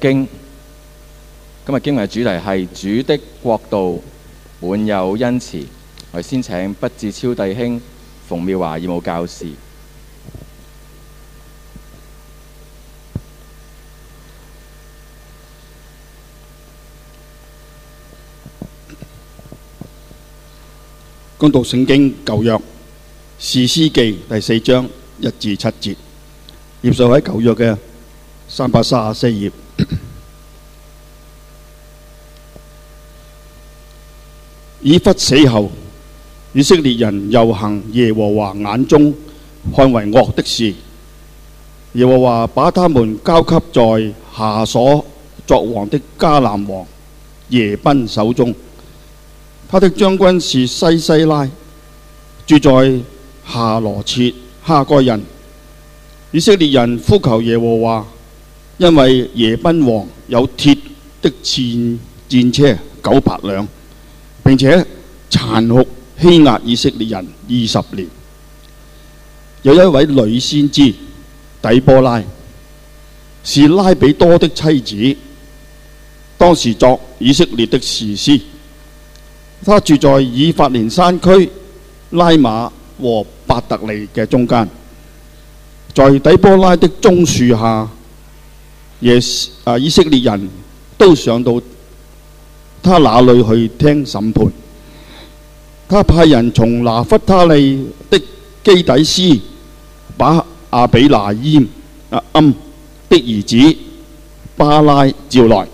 經今日經文嘅主題係主的國度滿有恩慈，我哋先請畢志超弟兄馮妙華義務教士，恭讀聖經舊約士師記第四章一至七節，頁數喺舊約嘅三百三十四頁。以笏死後，以色列人又行耶和華眼中看為惡的事，耶和華把他們交給在夏瑣作王的迦南王耶賓手中，他的將軍是西西拉，住在夏羅設，哈蓋人。以色列人呼求耶和華，因為耶賓王有鐵的戰戰車九百輛。並且殘酷欺壓以色列人二十年。有一位女先知底波拉，是拉比多的妻子，當時作以色列的士師。她住在以法蓮山區拉馬和伯特利嘅中間，在底波拉的棕樹下，也啊以色列人都想到。他哪裏去聽審判？他派人從拿弗他利的基底斯把亞比拿煙阿暗的兒子巴拉召來，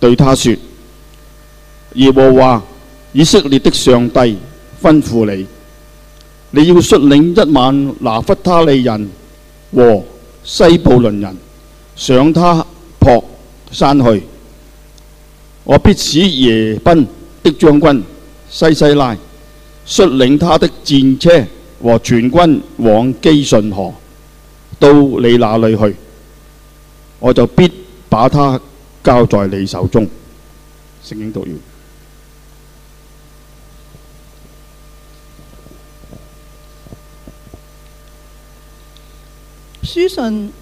對他說：耶和華以色列的上帝吩咐你，你要率領一萬拿弗他利人和西布倫人，人，上他泊山去。我必使耶賓的將軍西西拉率領他的戰車和全軍往基順河到你那裏去，我就必把他交在你手中。聖經讀完書，書信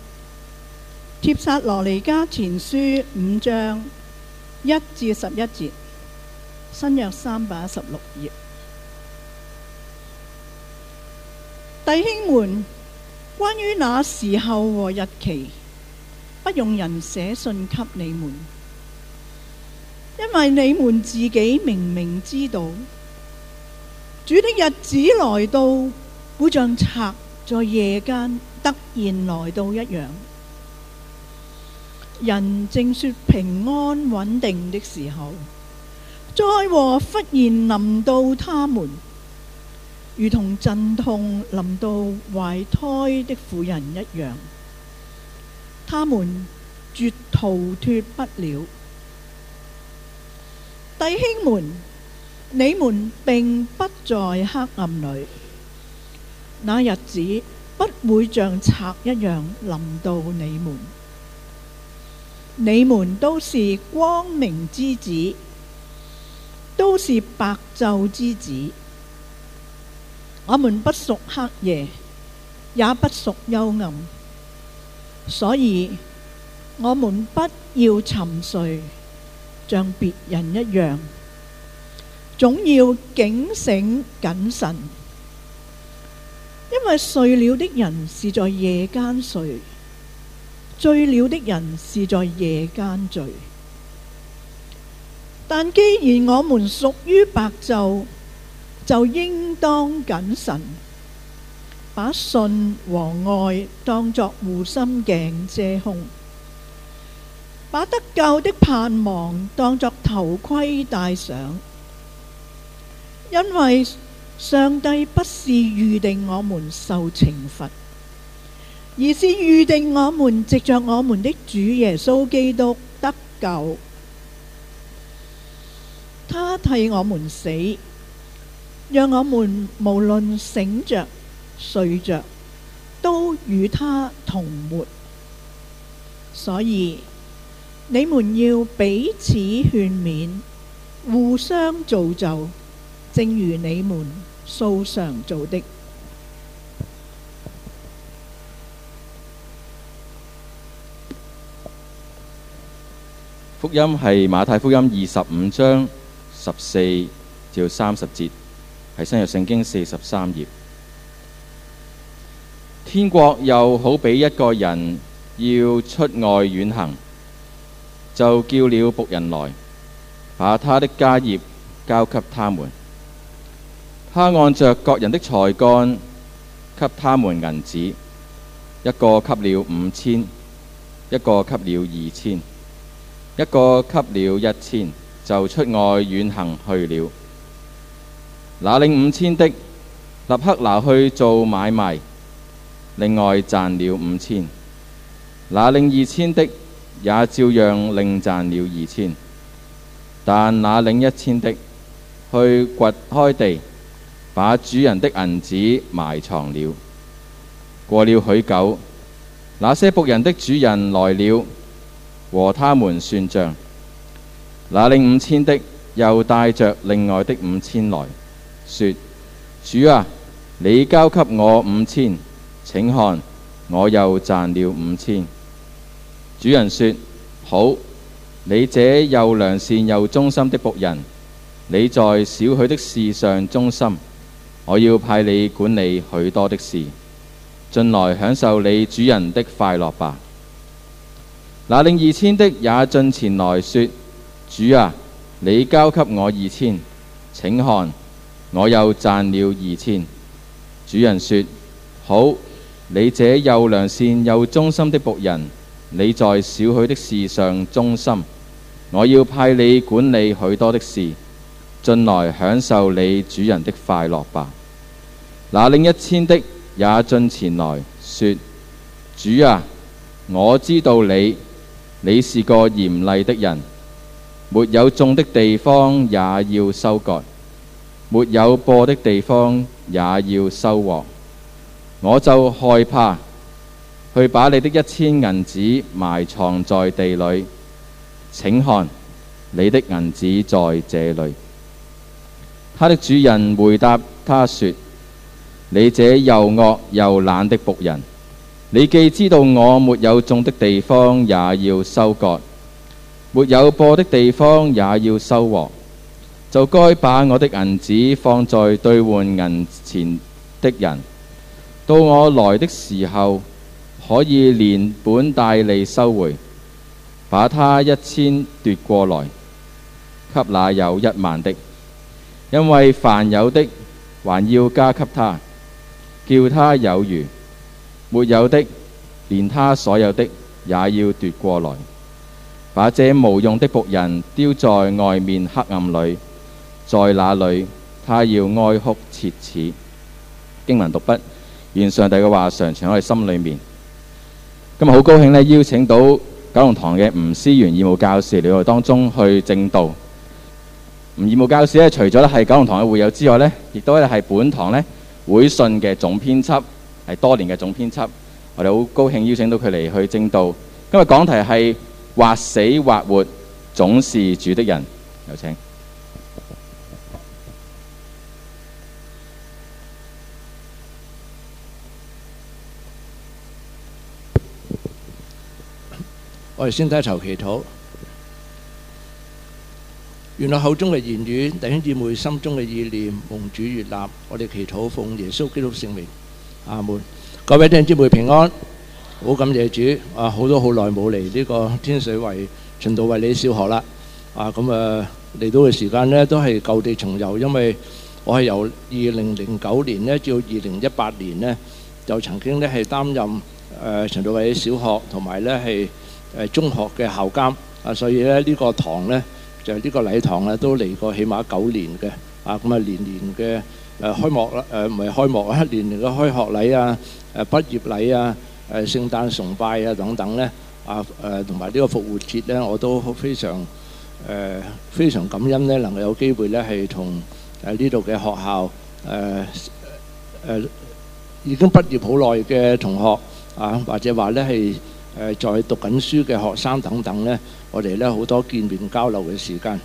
帖撒羅尼迦前書五章。一至十一節，新約三百一十六頁。弟兄們，關於那時候和日期，不用人寫信給你們，因為你們自己明明知道，主的日子來到，會像賊在夜間突然來到一樣。人正說平安穩定的時候，災禍忽然臨到他們，如同陣痛臨到懷胎的婦人一樣，他們絕逃脫不了。弟兄們，你們並不在黑暗裏，那日子不會像賊一樣臨到你們。你們都是光明之子，都是白晝之子。我們不屬黑夜，也不屬幽暗，所以我們不要沉睡，像別人一樣，總要警醒謹慎，因為睡了的人是在夜間睡。醉了的人是在夜間醉，但既然我們屬於白晝，就應當謹慎，把信和愛當作護心鏡遮胸，把得救的盼望當作頭盔戴上，因為上帝不是預定我們受懲罰。而是預定我們藉着我們的主耶穌基督得救，他替我們死，讓我們無論醒着睡着，都與他同活。所以你們要彼此勸勉，互相造就，正如你們素常做的。福音係馬太福音二十五章十四至三十節，係新約聖經四十三頁。天國又好比一個人要出外遠行，就叫了僕人來，把他的家業交給他們。他按着各人的才幹，給他們銀子，一個給了五千，一個給了二千。一個給了一千，就出外遠行去了。那領五千的，立刻拿去做買賣，另外賺了五千。那領二千的，也照樣另賺了二千。但那領一千的，去掘開地，把主人的銀子埋藏了。過了許久，那些僕人的主人來了。和他們算賬，嗱，領五千的又帶着另外的五千來說：“主啊，你交給我五千，請看，我又賺了五千。”主人說：“好，你這又良善又忠心的僕人，你在少許的事上忠心，我要派你管理許多的事，進來享受你主人的快樂吧。那領二千的也進前來說：主啊，你交給我二千，請看，我又賺了二千。主人說：好，你這又良善又忠心的僕人，你在少許的事上忠心，我要派你管理許多的事，進來享受你主人的快樂吧。那領一千的也進前來說：主啊，我知道你。你是個嚴厲的人，沒有種的地方也要收割，沒有播的地方也要收穫。我就害怕去把你的一千銀子埋藏在地裏，請看你的銀子在這裏。他的主人回答他說：你這又惡又懶的僕人。你既知道我沒有種的地方也要收割，沒有播的地方也要收穫，就該把我的銀子放在兌換銀錢的人，到我來的時候可以連本帶利收回，把他一千奪過來，給那有一萬的，因為凡有的還要加給他，叫他有餘。沒有的，連他所有的也要奪過來，把這無用的僕人丟在外面黑暗裏，在那裏他要哀哭切齒。經文讀畢，願上帝嘅話常存喺我哋心裏面。今日好高興呢，邀請到九龍堂嘅吳思源義務教士，嚟我當中去證道。吳義務教士咧，除咗咧係九龍堂嘅會友之外呢，亦都係本堂呢會信嘅總編輯。係多年嘅總編輯，我哋好高興邀請到佢嚟去證道。今日講題係或死或活，總是主的人。有請。我哋先低頭祈禱。原來口中嘅言語、弟兄姊妹心中嘅意念，蒙主悅納。我哋祈禱，奉耶穌基督聖名。阿們，各位弟兄姊妹平安，好感謝主。啊，好多好耐冇嚟呢個天水圍循道衛理小學啦。啊，咁誒嚟到嘅時間咧，都係舊地重遊，因為我係由二零零九年咧至到二零一八年咧，就曾經咧係擔任誒循道衛理小學同埋咧係誒中學嘅校監。啊，所以咧呢個堂咧就係呢個禮堂咧都嚟過起碼九年嘅。啊，咁啊年年嘅。誒開幕啦！誒唔係開幕啦，一年年嘅開學禮啊、誒畢業禮啊、誒聖誕崇拜啊等等咧，啊誒同埋呢個復活節咧，我都非常誒非常感恩咧，能夠有機會咧係同喺呢度嘅學校誒誒已經畢業好耐嘅同學啊，或者話咧係誒在讀緊書嘅學生等等咧，我哋咧好多見面交流嘅時間。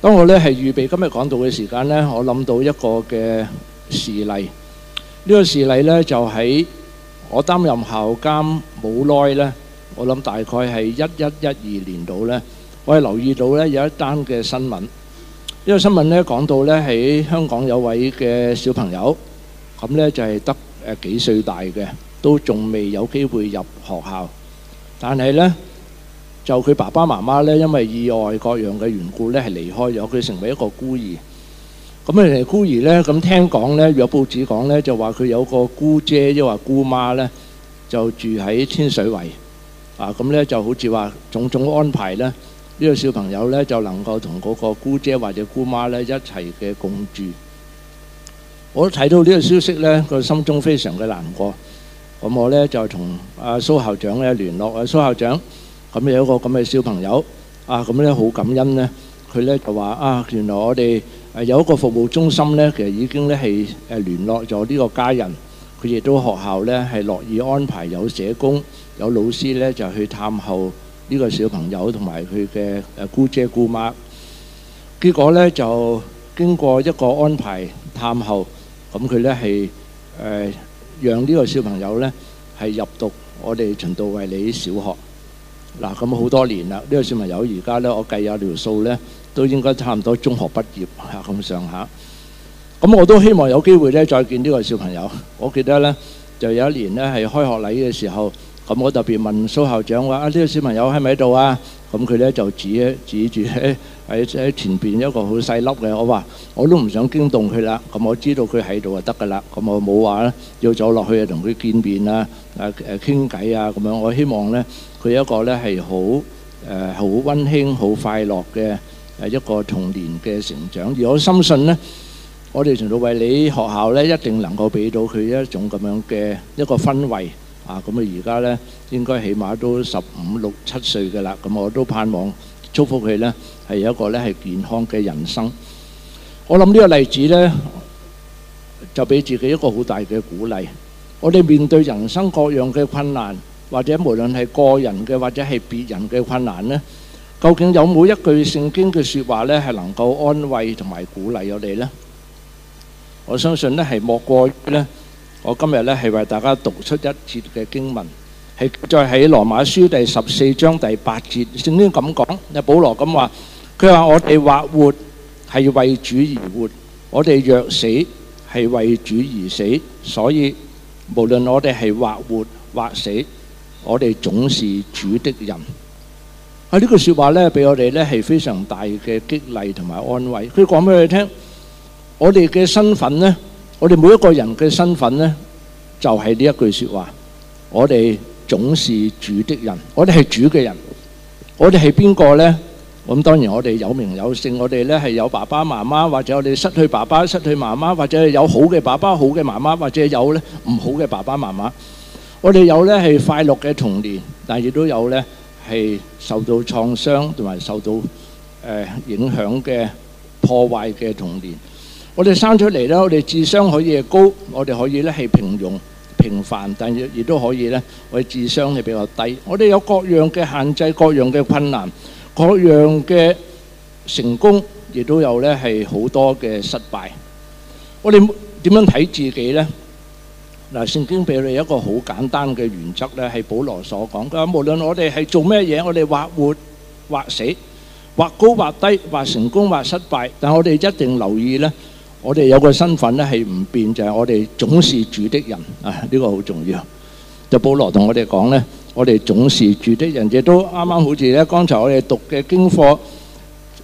當我呢係預備今日講到嘅時間呢，我諗到一個嘅事例。呢個事例呢就喺我擔任校監冇耐呢，我諗大概係一一一二年度呢，我係留意到呢有一單嘅新聞。呢個新聞呢講到呢喺香港有位嘅小朋友，咁呢就係得誒幾歲大嘅，都仲未有機會入學校，但係呢，就佢爸爸媽媽咧，因為意外各樣嘅緣故咧，係離開咗佢，成為一個孤兒。咁啊，孤兒咧，咁聽講咧，有報紙講咧，就話佢有個姑姐，即係話姑媽咧，就住喺天水圍啊。咁咧就好似話種種安排咧，呢個小朋友咧就能夠同嗰個姑姐或者姑媽咧一齊嘅共住。我睇到呢個消息咧，佢心中非常嘅難過。咁我咧就同阿蘇校長咧聯絡啊，蘇校長。咁有個咁嘅小朋友啊，咁咧好感恩咧。佢咧就話啊，原來我哋誒有一個服務中心咧，其實已經咧係誒聯絡咗呢個家人。佢亦都學校咧係樂意安排有社工、有老師咧就去探後呢個小朋友同埋佢嘅誒姑姐姑媽。結果咧就經過一個安排探後，咁佢咧係誒讓呢個小朋友咧係入讀我哋循道衛理小學。嗱，咁好多年啦。呢個小朋友而家呢，我計下條數呢，都應該差唔多中學畢業嚇咁上下。咁我都希望有機會呢，再見呢個小朋友。我記得呢，就有一年呢，係開學禮嘅時候，咁我特別問蘇校長話：啊，呢個小朋友喺唔喺度啊？咁佢呢，就指指住咧喺前邊一個好細粒嘅，我話我都唔想驚動佢啦。咁我知道佢喺度就得㗎啦。咁我冇話咧要走落去同佢見面啊，誒誒傾偈啊，咁樣、啊、我希望呢。佢一個咧係好誒好溫馨、好快樂嘅誒一個童年嘅成長，而我深信咧，我哋循道衛理學校咧一定能夠俾到佢一種咁樣嘅一個氛圍啊！咁啊，而家咧應該起碼都十五六七歲嘅啦，咁我都盼望祝福佢咧係有一個咧係健康嘅人生。我諗呢個例子咧就俾自己一個好大嘅鼓勵。我哋面對人生各樣嘅困難。或者無論係個人嘅，或者係別人嘅困難咧，究竟有冇一句聖經嘅説話咧係能夠安慰同埋鼓勵我哋咧？我相信咧係莫過於咧，我今日咧係為大家讀出一節嘅經文，係再喺羅馬書第十四章第八節，聖經咁講，阿保羅咁話，佢話我哋或活係為主而活，我哋若死係為主而死，所以無論我哋係或活或死。我哋總是主的人，啊呢句說話咧，俾我哋咧係非常大嘅激勵同埋安慰。佢講俾你聽，我哋嘅身份咧，我哋每一個人嘅身份咧，就係呢一句說話。我哋總是主的人，我哋係主嘅人，我哋係邊個咧？咁、嗯、當然我哋有名有姓，我哋咧係有爸爸媽媽，或者我哋失去爸爸、失去媽媽，或者有好嘅爸爸、好嘅媽媽，或者有咧唔好嘅爸爸媽媽。我哋有呢係快樂嘅童年，但係亦都有呢係受到創傷同埋受到誒影響嘅破壞嘅童年。我哋生出嚟呢，我哋智商可以係高，我哋可以呢係平庸平凡，但係亦都可以呢，我哋智商係比較低。我哋有各樣嘅限制，各樣嘅困難，各樣嘅成功，亦都有呢係好多嘅失敗。我哋點樣睇自己呢？嗱，聖經俾你一個好簡單嘅原則咧，係保羅所講嘅。無論我哋係做咩嘢，我哋或活、或死、或高、或低、或成功、或失敗，但係我哋一定留意咧，我哋有個身份咧係唔變，就係我哋總是主的人啊！呢個好重要。就保羅同我哋講咧，我哋總是主的人，亦都啱啱好似咧，剛才我哋讀嘅經課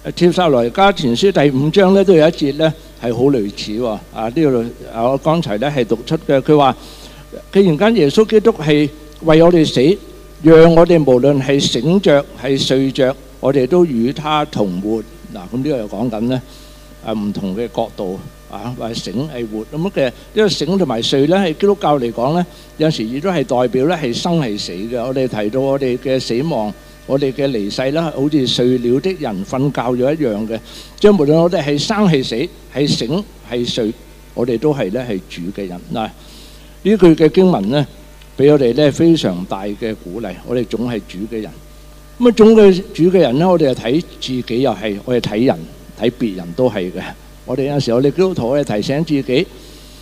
《帖撒羅尼迦前書》第五章咧，都有一節咧。係好類似喎，啊呢個啊我剛才咧係讀出嘅，佢話既然間耶穌基督係為我哋死，讓我哋無論係醒著係睡著，我哋都與他同活。嗱，咁呢個又講緊咧啊唔同嘅角度啊，話醒係活咁樣嘅，因為醒同埋睡咧係基督教嚟講咧，有時亦都係代表咧係生係死嘅。我哋提到我哋嘅死亡。我哋嘅離世啦，好似睡了的人瞓覺咗一樣嘅。即係無論我哋係生係死係醒係睡，我哋都係咧係主嘅人嗱。呢句嘅經文咧，俾我哋咧非常大嘅鼓勵。我哋總係主嘅人。咁啊，總嘅主嘅人咧，我哋又睇自己又係，我哋睇人睇別人都係嘅。我哋有時候我哋基督徒我哋提醒自己，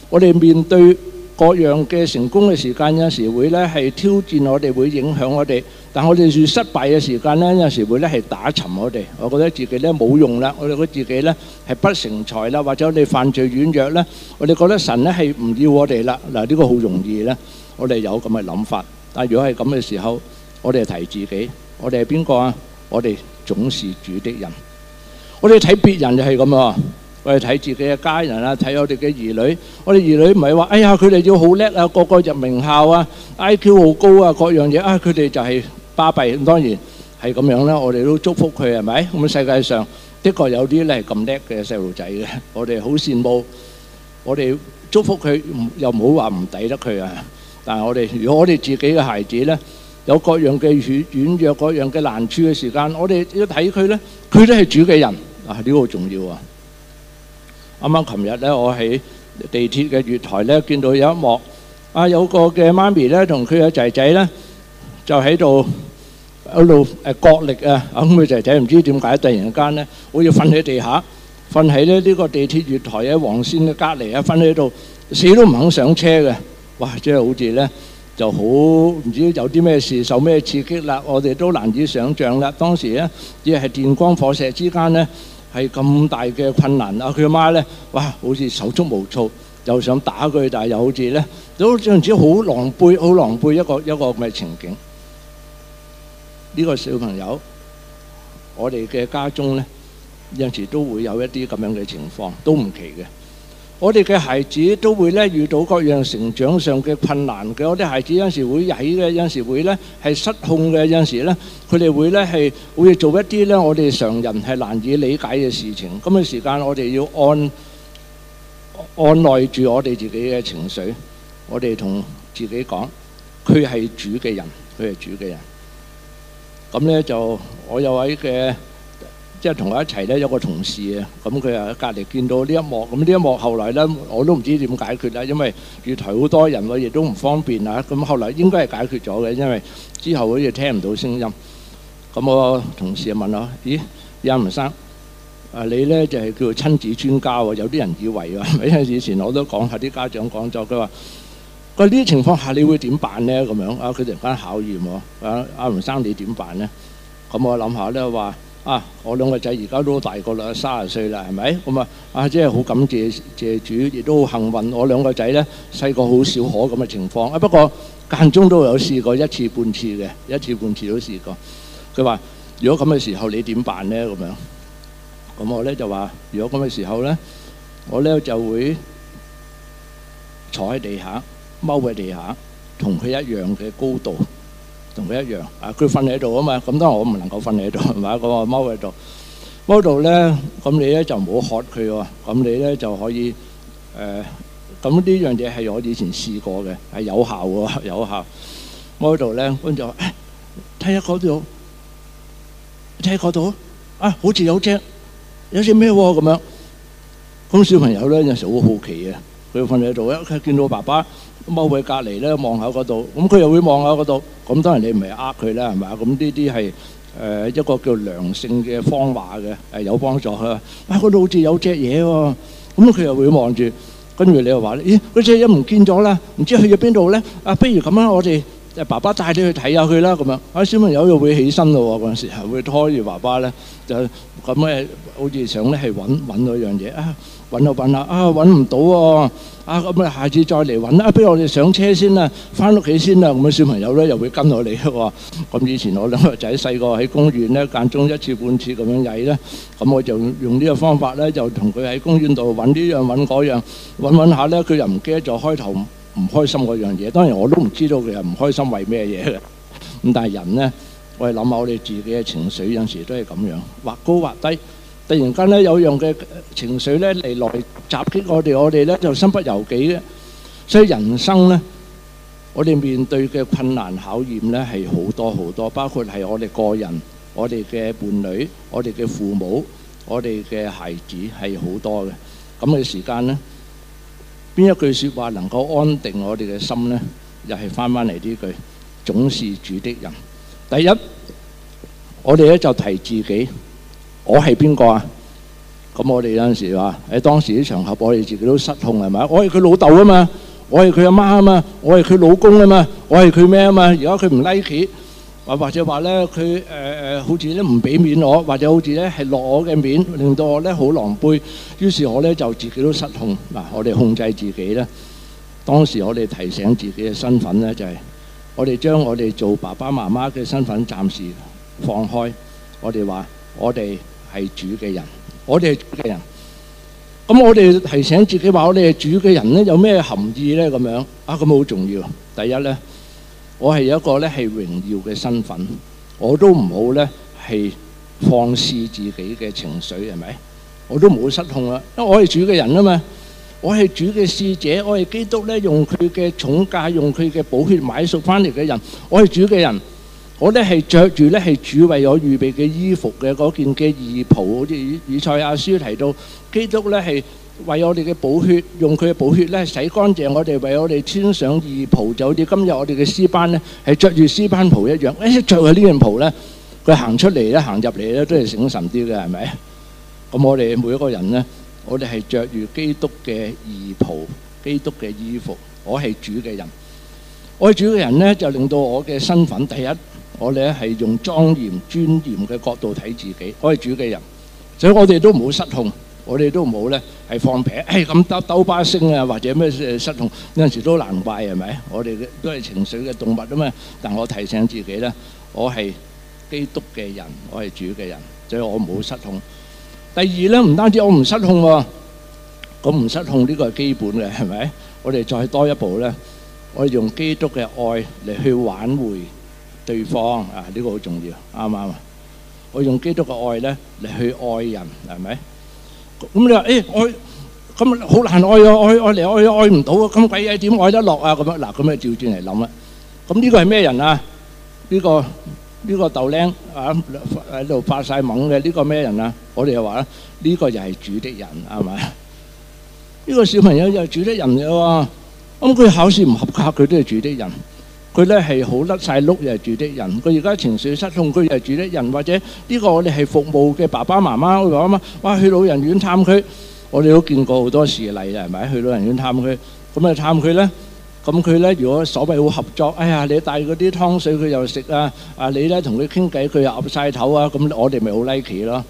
我哋面對各樣嘅成功嘅時間，有時會呢係挑戰我哋，會影響我哋。但我哋遇失敗嘅時間呢，有時會呢係打沉我哋。我覺得自己呢冇用啦，我哋覺得自己呢係不成才啦，或者我哋犯罪軟弱咧，我哋覺得神呢係唔要我哋啦。嗱，呢個好容易咧，我哋有咁嘅諗法。但係如果係咁嘅時候，我哋提自己，我哋係邊個啊？我哋總是主的人。我哋睇別人就係咁啊。我哋睇自己嘅家人啊，睇我哋嘅兒女。我哋兒女唔係話哎呀，佢哋要好叻啊，個個入名校啊，IQ 好高啊，各樣嘢啊。佢哋就係巴閉，當然係咁樣啦。我哋都祝福佢係咪咁？世界上的確有啲咧係咁叻嘅細路仔嘅，我哋好羨慕。我哋祝福佢，又唔好話唔抵得佢啊。但係我哋如果我哋自己嘅孩子咧，有各樣嘅軟弱、各樣嘅難處嘅時間，我哋要睇佢咧，佢都係主嘅人啊！呢個好重要啊～啱啱琴日咧，我喺地鐵嘅月台咧，見到有一幕，啊有個嘅媽咪咧，同佢嘅仔仔咧，就喺度喺度誒角力啊！咁佢仔仔唔知點解突然間咧，好似瞓喺地下，瞓喺咧呢個地鐵月台喺黃線嘅隔離啊，瞓喺度，死都唔肯上車嘅。哇！真係好似咧就好唔知有啲咩事，受咩刺激啦？我哋都難以想像啦。當時咧只係電光火石之間咧。係咁大嘅困難啊！佢阿媽呢，哇，好似手足無措，又想打佢，但係又好似呢，就好似好狼狽，好狼狽一個一個咁嘅情景。呢個小朋友，我哋嘅家中呢，有時都會有一啲咁樣嘅情況，都唔奇嘅。我哋嘅孩子都會咧遇到各樣成長上嘅困難嘅，我啲孩子有陣時會曳嘅，有陣時會咧係失控嘅，有陣時咧佢哋會咧係會做一啲咧我哋常人係難以理解嘅事情。咁嘅時間，我哋要按按耐住我哋自己嘅情緒，我哋同自己講，佢係主嘅人，佢係主嘅人。咁咧就我有位嘅。即係同我一齊咧，有個同事啊，咁佢啊隔離見到呢一幕，咁、嗯、呢一幕後來咧我都唔知點解決咧，因為月台好多人喎，亦都唔方便啊。咁、嗯、後來應該係解決咗嘅，因為之後好似聽唔到聲音。咁、嗯、我同事就問我：咦，阿吳生啊，你咧就係、是、叫做親子專家喎？有啲人以為啊，喺 以前我都講下啲家長講咗佢話：佢呢啲情況下你會點辦咧？咁樣啊，佢突然間考驗喎，啊，阿吳、啊、生你點辦咧？咁我諗下咧話。啊！我兩個仔而家都大個啦，三十歲啦，係咪？咁啊，啊，真係好感謝謝主，亦都好幸運。我兩個仔咧細個好少可咁嘅情況啊，不過間中都有試過一次半次嘅，一次半次都試過。佢話：如果咁嘅時候你點辦咧？咁樣。咁我咧就話：如果咁嘅時候咧，我咧就會坐喺地下踎喺地下，同佢一樣嘅高度。同佢一樣，啊，佢瞓喺度啊嘛，咁當然我唔能夠瞓喺度，係咪啊？我踎喺度，踎喺度咧，咁你咧就唔好嚇佢喎，咁你咧就可以誒，咁、呃、呢樣嘢係我以前試過嘅，係有效喎，有效。踎喺度咧，跟住話睇下嗰度，睇一嗰度，啊，好似有隻，有隻咩喎咁樣？咁小朋友咧有時會好奇嘅。佢會瞓喺度咧，佢見到爸爸踎喺隔離咧望下嗰度，咁佢又會望下嗰度。咁當然你唔係呃佢啦，係嘛？咁呢啲係誒一個叫良性嘅方法嘅，係有幫助嘅。喂，嗰度好似有隻嘢喎，咁佢又會望住，跟住你又話咦，嗰隻嘢唔見咗啦，唔知去咗邊度咧？啊，不如咁啦，我哋誒爸爸帶你去睇下佢啦。咁樣，啲、啊、小朋友又會起身咯。嗰陣時係會拖住爸爸咧，就咁咧，好似想咧係揾揾到一樣嘢啊。揾下揾下啊，揾唔到喎！啊咁啊，下次再嚟揾啦！不如我哋上車先啦，返屋企先啦。咁啊，小朋友咧又會跟落嚟嘅喎。咁以前我兩個仔細個喺公園咧間中一次半次咁樣曳咧，咁我就用呢個方法咧就同佢喺公園度揾呢樣揾嗰樣揾揾下咧，佢又唔記得咗開頭唔開心嗰樣嘢。當然我都唔知道佢係唔開心為咩嘢嘅。咁但係人咧，我哋諗下我哋自己嘅情緒有時都係咁樣，或高或低。突然間咧，有樣嘅情緒咧嚟落嚟襲擊我哋，我哋咧就身不由己嘅。所以人生咧，我哋面對嘅困難考驗咧係好多好多，包括係我哋個人、我哋嘅伴侶、我哋嘅父母、我哋嘅孩子係好多嘅。咁嘅時間咧，邊一句説話能夠安定我哋嘅心咧？又係返返嚟呢句，總是主的人。第一，我哋咧就提自己。我係邊個啊？咁我哋有陣時話喺當時啲場合，我哋自己都失控係咪？我係佢老豆啊嘛，我係佢阿媽啊嘛，我係佢老公啊嘛，我係佢咩啊嘛？如果佢唔 like，或或者話咧，佢誒誒好似咧唔俾面我，或者好似咧係落我嘅面，令到我咧好狼狽。於是，我咧就自己都失控嗱。我哋控制自己咧，當時我哋提醒自己嘅身份咧，就係我哋將我哋做爸爸媽媽嘅身份暫時放開。我哋話我哋。係主嘅人，我哋係主嘅人。咁、嗯、我哋提醒自己話我哋係主嘅人咧，有咩含義咧？咁樣啊，咁好重要。第一咧，我係有一個咧係榮耀嘅身份，我都唔好咧係放肆自己嘅情緒，係咪？我都唔會失控啊，因為我係主嘅人啊嘛，我係主嘅使者，我係基督咧，用佢嘅重價，用佢嘅寶血買贖翻嚟嘅人，我係主嘅人。我哋係着住咧係主為我預備嘅衣服嘅嗰件嘅義袍，好似以以賽亞書提到，基督咧係為我哋嘅寶血，用佢嘅寶血咧洗乾淨我哋，為我哋穿上義袍，就好似今日我哋嘅詩班咧係着住詩班袍一樣。誒，着下呢件袍咧，佢行出嚟咧，行入嚟咧都係醒神啲嘅，係咪？咁我哋每一個人咧，我哋係着住基督嘅義袍，基督嘅衣服，我係主嘅人。我係主嘅人咧就令到我嘅身份第一。我哋咧係用莊嚴、尊嚴嘅角度睇自己，我係主嘅人，所以我哋都唔好失控，我哋都唔好咧係放屁，係咁兜兜巴星啊，或者咩失控有陣時都難怪係咪？我哋都係情緒嘅動物啊嘛，但我提醒自己咧，我係基督嘅人，我係主嘅人，所以我唔好失控。第二咧，唔單止我唔失控喎，咁唔失控呢個係基本嘅係咪？我哋再多一步咧，我哋用基督嘅愛嚟去挽回。對方啊，呢個好重要，啱唔啱啊？我用基督嘅愛咧嚟去愛人，係咪？咁你話誒，我咁好難愛啊，愛愛嚟愛去愛唔到啊，咁鬼嘢點愛得落啊？咁樣嗱，咁就倒轉嚟諗啦。咁呢個係咩人啊？呢個呢個豆靚啊喺度發曬懵嘅呢個咩人啊？我哋又話啦，呢個就係主的人，係咪？呢個小朋友又係主的人嚟喎，咁佢考試唔合格，佢都係主的人。佢咧係好甩曬碌，又係住啲人，佢而家情緒失控，佢又係住啲人。或者呢個我哋係服務嘅爸爸媽媽會講啊嘛。哇！去老人院探佢，我哋都見過好多事例啦，係咪？去老人院探佢咁啊，探佢咧，咁佢咧如果所謂好合作，哎呀，你帶嗰啲湯水佢又食啊，啊你咧同佢傾偈佢又噏曬頭啊，咁我哋咪好 like 其咯，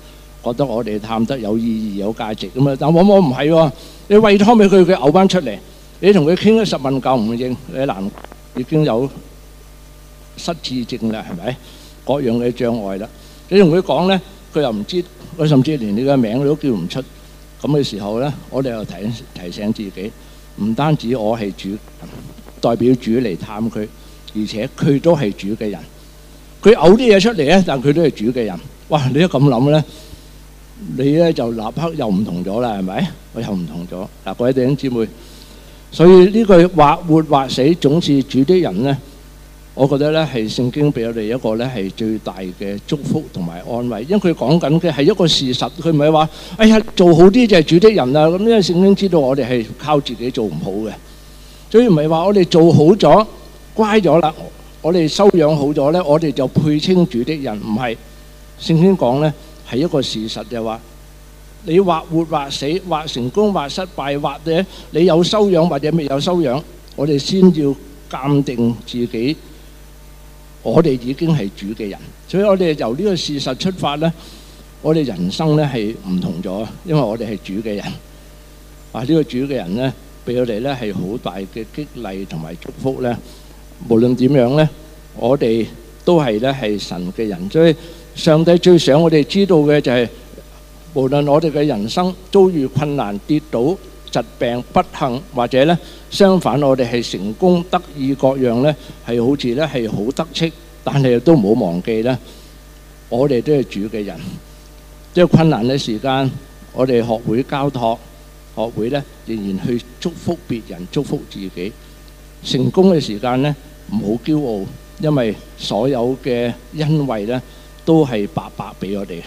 覺得我哋探得有意義有價值咁啊。但往往唔係喎，你餵湯俾佢佢嘔翻出嚟，你同佢傾咗十問九唔應，你難。已經有失智症啦，係咪？各樣嘅障礙啦，你同佢講咧，佢又唔知，佢甚至連你嘅名都叫唔出。咁嘅時候咧，我哋又提提醒自己，唔單止我係主，代表主嚟探佢，而且佢都係主嘅人。佢嘔啲嘢出嚟咧，但係佢都係主嘅人。哇！你一咁諗咧，你咧就立刻又唔同咗啦，係咪？我又唔同咗。嗱，各位弟兄姊妹。所以呢句或活或死總是主的人呢，我覺得呢係聖經俾我哋一個呢係最大嘅祝福同埋安慰，因為佢講緊嘅係一個事實，佢唔係話，哎呀，做好啲就係主的人啦，咁因為聖經知道我哋係靠自己做唔好嘅，所以唔係話我哋做好咗乖咗啦，我哋修養好咗呢，我哋就配稱主的人，唔係，聖經講呢係一個事實就話。你或活或死，或成功或失敗，或者你有修養，或者未有修養，我哋先要鑒定自己。我哋已經係主嘅人，所以我哋由呢個事實出發咧，我哋人生咧係唔同咗，因為我哋係主嘅人。啊，呢個主嘅人咧，俾我哋咧係好大嘅激勵同埋祝福咧。無論點樣咧，我哋都係咧係神嘅人，所以上帝最想我哋知道嘅就係。無論我哋嘅人生遭遇困難、跌倒、疾病、不幸，或者呢相反，我哋係成功得意各樣呢，係好似呢係好得戚，但係都唔好忘記呢，我哋都係主嘅人。即係困難嘅時間，我哋學會交託，學會呢仍然去祝福別人、祝福自己。成功嘅時間呢，唔好驕傲，因為所有嘅恩惠呢都係白白俾我哋。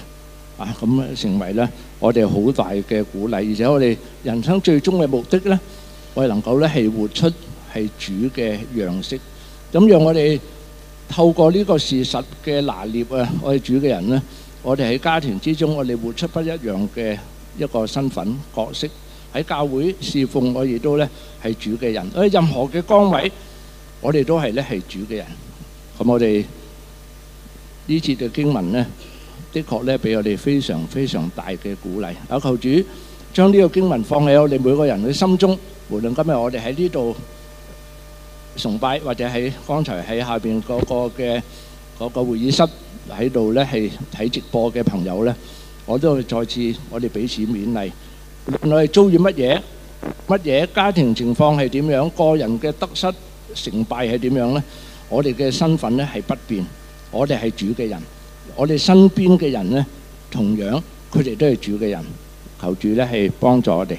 啊，咁咧成為咧我哋好大嘅鼓勵，而且我哋人生最終嘅目的咧，我哋能夠咧係活出係主嘅樣式。咁讓我哋透過呢個事實嘅拿捏啊，我哋主嘅人咧，我哋喺家庭之中，我哋活出不一樣嘅一個身份角色。喺教會侍奉，我亦都咧係主嘅人。喺任何嘅崗位，我哋都係咧係主嘅人。咁我哋呢節嘅經文咧。的確咧，俾我哋非常非常大嘅鼓勵。阿求主將呢個經文放喺我哋每個人嘅心中。無論今日我哋喺呢度崇拜，或者喺剛才喺下邊嗰個嘅嗰個會議室喺度咧，係睇直播嘅朋友咧，我都會再次我哋彼此勉勵。無論我哋遭遇乜嘢，乜嘢家庭情況係點樣，個人嘅得失成敗係點樣咧，我哋嘅身份咧係不變，我哋係主嘅人。我哋身邊嘅人咧，同樣佢哋都係主嘅人，求主咧係幫助我哋。